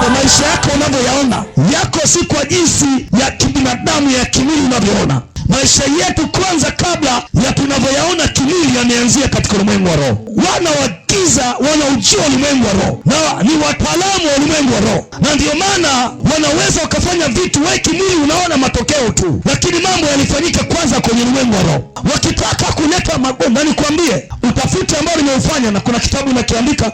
Kwa maisha yako unavyoyaona yako si kwa jinsi ya kibinadamu ya kimwili unavyoona. Maisha yetu kwanza, kabla ya tunavyoyaona kimwili, yameanzia katika ulimwengu wa roho. Wana wa giza wanaujua ulimwengu wa roho na ni wataalamu wa ulimwengu wa roho, na ndiyo maana wanaweza wakafanya vitu we kimwili unaona matokeo tu, lakini mambo yalifanyika kwanza kwenye ulimwengu wa roho. Wakitaka kuleta magonjwa, nikwambie utafiti ambao nimeufanya na kuna kitabu nakiandika,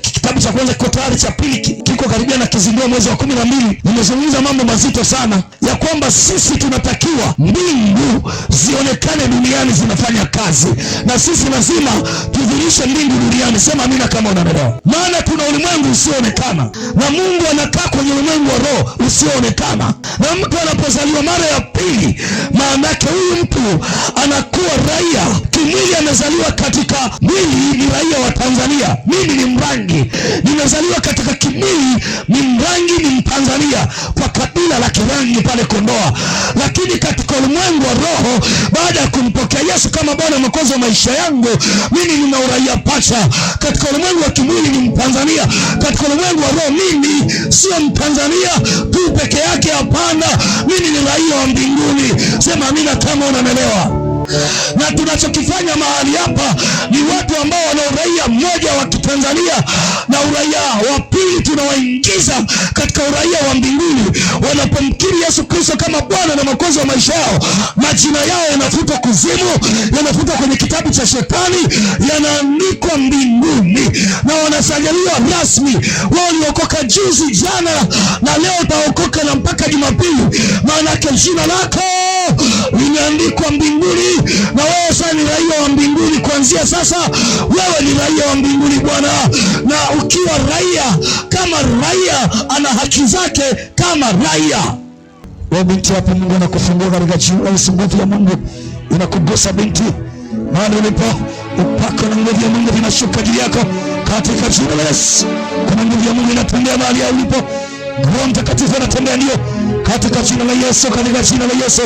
kitabu cha kwanza kiko tayari, cha pili kiko karibia na kizinduo mwezi wa kumi na mbili. Nimezungumza mambo mazito sana ya kwamba sisi tunatakiwa mbingu zionekane duniani zinafanya kazi, na sisi lazima tudhirishe mbingu duniani. Sema amina kama unanielewa, maana kuna ulimwengu usioonekana na Mungu anakaa kwenye ulimwengu wa roho usioonekana, na mtu anapozaliwa mara ya pili, maanake huyu mtu anakuwa raia nimezaliwa katika mwili, ni raia wa Tanzania. Mimi ni Mrangi, nimezaliwa katika kimwili, ni Mrangi, ni Mtanzania kwa kabila la Kirangi pale Kondoa, lakini katika ulimwengu wa roho, baada ya kumpokea Yesu kama Bwana Mwokozi wa maisha yangu, mimi nina uraia pacha. Katika ulimwengu wa kimwili ni Mtanzania, katika ulimwengu wa roho mimi sio Mtanzania tu peke yake, hapana. Mimi ni raia wa mbinguni. Sema amina kama unamelewa na tunachokifanya mahali hapa ni watu ambao wana uraia mmoja wa Kitanzania na uraia wa pili, tunawaingiza katika uraia wa mbinguni. Wanapomkiri Yesu Kristo kama Bwana na makozi wa maisha yao, majina yao yanafutwa kuzimu, yanafutwa kwenye kitabu cha Shetani, yanaandikwa mbinguni na wanasajiliwa rasmi. Wao waliokoka juzi, jana na leo, utaokoka na mpaka Jumapili, maanake jina lako vimeandikwa mbinguni, na wewe sasa ni raia wa mbinguni. Kuanzia sasa wewe ni raia wa mbinguni Bwana, na ukiwa raia kama raia, ana haki zake kama raia. Wewe binti, hapo Mungu anakufungua katika Yesu. Nguvu ya Mungu inakugusa binti, mahali ulipo, upako na nguvu ya Mungu vinashuka juu yako katika jina la Yesu. Kuna nguvu ya Mungu inatembea mahali ulipo. Roho Mtakatifu anatembea, ndio, katika jina la Yesu, katika jina la Yesu.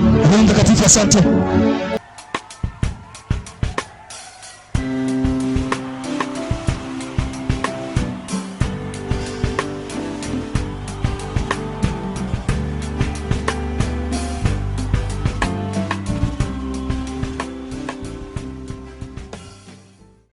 Mungu mtakatifu, asante.